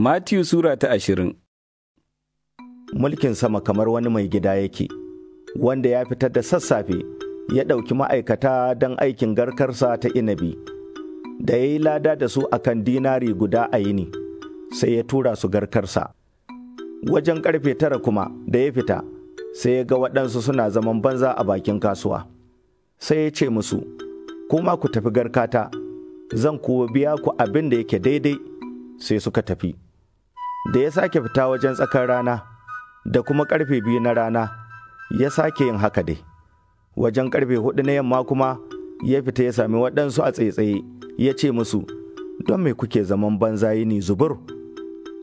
Matiyu Sura ta ashirin Mulkin sama kamar wani mai gida yake, wanda ya fitar da sassafe ya ɗauki ma'aikata don aikin garkarsa ta inabi, da ya yi lada da su a kan dinari guda a yini, sai ya tura su garkarsa. Wajen ƙarfe tara kuma da ya fita, sai ya ga waɗansu suna zaman banza a bakin kasuwa. Sai ya ce musu, kuma ku tafi garkata, zan kuwa biya ku abin da yake daidai, sai suka tafi. da ya sake fita wajen tsakar rana da kuma karfe biyu na rana ya sake yin haka dai wajen karfe hudu na yamma kuma ya fita ya sami waɗansu a tsaitsaye ya ce musu don me kuke zaman banza ni zubur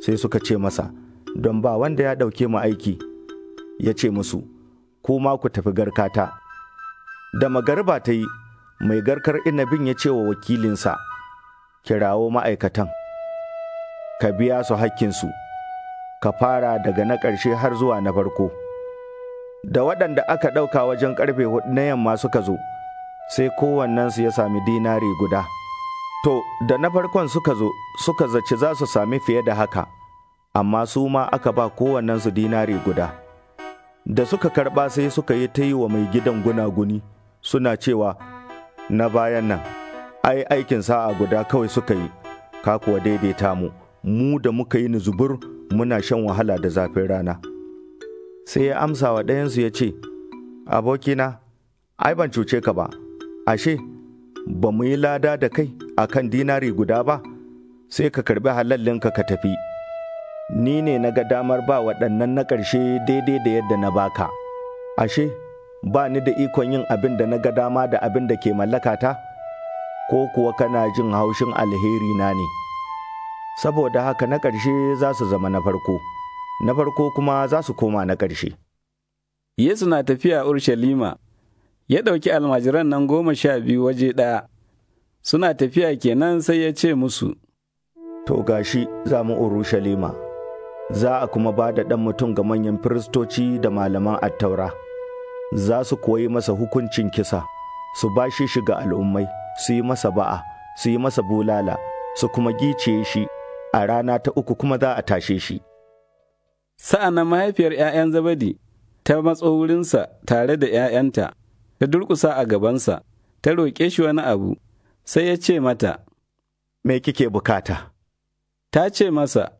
sai suka ce masa don ba wanda ya ɗauke mu aiki ya ce musu ku ma ku tafi garkata da magariba ta yi mai garkar inabin ya ce wa wakilinsa kirawo ma'aikatan ka biya su hakkinsu, ka fara daga na ƙarshe har zuwa na farko. Da waɗanda aka ɗauka wajen ƙarfe hudu na yamma suka zo, sai kowannensu ya sami dinari guda. To, da na farkon suka zo, suka zaci za su sami fiye da haka, amma su ma aka ba kowannensu dinari guda. Da suka karɓa sai suka yi ta yi wa mai gidan gunaguni, suna cewa, Na bayan nan, ai aikin sa'a guda kawai suka yi, ka kuwa daidaita mu. mu da muka yi zubur muna shan wahala da zafin rana. Sai ya amsa wa ɗayansu ya ce, Abokina, ai ban cuce ka ba, ashe, ba mu yi lada da kai a kan dinari guda ba, sai ka karbi halallinka ka tafi. Ni ne na ga damar ba waɗannan na ƙarshe daidai da yadda na baka. Ashe, ba ni da ikon yin abin da na ga dama da abin da ke mallakata? Ko kuwa kana jin haushin alheri na ne?' saboda haka na ƙarshe za su zama na farko, na farko kuma za su koma na ƙarshe. Yesu na tafiya Urshalima, ya ɗauki almajiran nan goma sha biyu waje ɗaya, suna tafiya kenan sai ya ce musu. To gashi za mu Urushalima, za a kuma ba da ɗan mutum ga manyan firistoci da malaman attaura, za su koyi masa hukuncin kisa, su ba shi shiga al'ummai, su yi masa ba'a, su yi masa bulala, su kuma gice shi a rana ta uku kuma za a tashe shi. Sa'an nan mahaifiyar ’ya'yan Zabadi ta matso wurinsa tare da ’ya'yanta, ta durƙusa a gabansa, ta roƙe shi wani abu, sai ya ce mata, Me kike bukata? Ta ce masa,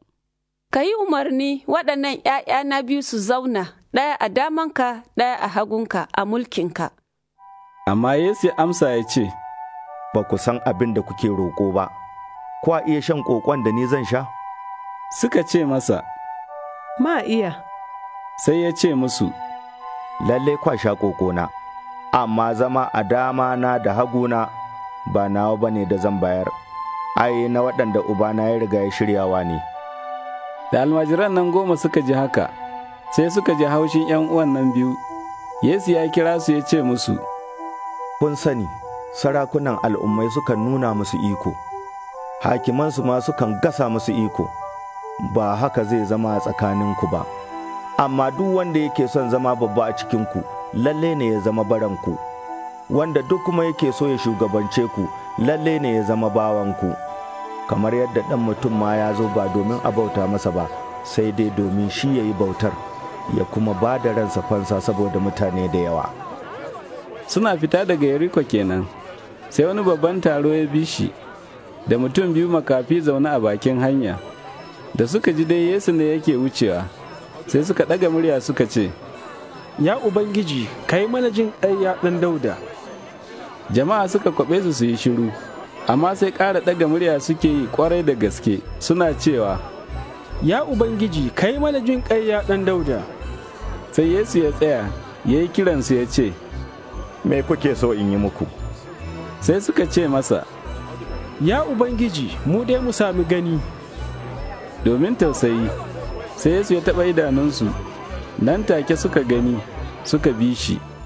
Ka yi umarni waɗannan 'yaya na biyu su zauna, ɗaya a damanka, ɗaya a hagunka, a mulkinka. Amma Yesu ya amsa ya ce, Ba ku san abin da kuke roƙo ba. kwa iya shan kokon da ni zan sha? Suka ce masa, Ma iya, sai ya ce musu, Lalle kwa sha kokona, amma zama a dama na da haguna ba nawa ba ne da zan bayar, ai na waɗanda ubana ya riga ya shiryawa ne. Da almajiran nan goma suka ji haka, sai suka ji haushin ‘yan uwan nan biyu, Yesu ya kira su ya ce musu, Kun sani, sarakunan al'ummai suka nuna musu iko. hakimansu ma sukan gasa musu iko, ba haka zai zama a tsakaninku ba. Amma duk wanda yake son zama babba a cikinku, lalle ne ya zama baranku, wanda duk kuma yake so ya shugabance ku, lalle ne ya zama bawanku. Kamar yadda ɗan mutum ma ya zo ba domin a bauta masa ba, sai dai domin shi ya yi bautar, ya kuma ba da ransa fansa saboda mutane da yawa. Suna fita daga yariko kenan, sai wani babban taro ya bi shi. da mutum biyu makafi zaune a bakin hanya da suka ji dai yesu ne yake wucewa sai suka ɗaga murya suka ce ya ubangiji ka yi mana jin ɗaya ɗan dauda jama'a suka kwaɓe su su yi shiru amma sai ƙara ɗaga murya suke yi kwarai da gaske suna cewa ya ubangiji ka yi mana jin ɗan dauda sai yesu ya tsaya ya yi kiransu ya ce me kuke so in yi muku sai suka ce masa Ya Ubangiji, mu dai mu sami gani. Domin tausayi, sai Yesu ya taɓa idanunsu, nan take suka gani, suka bi shi.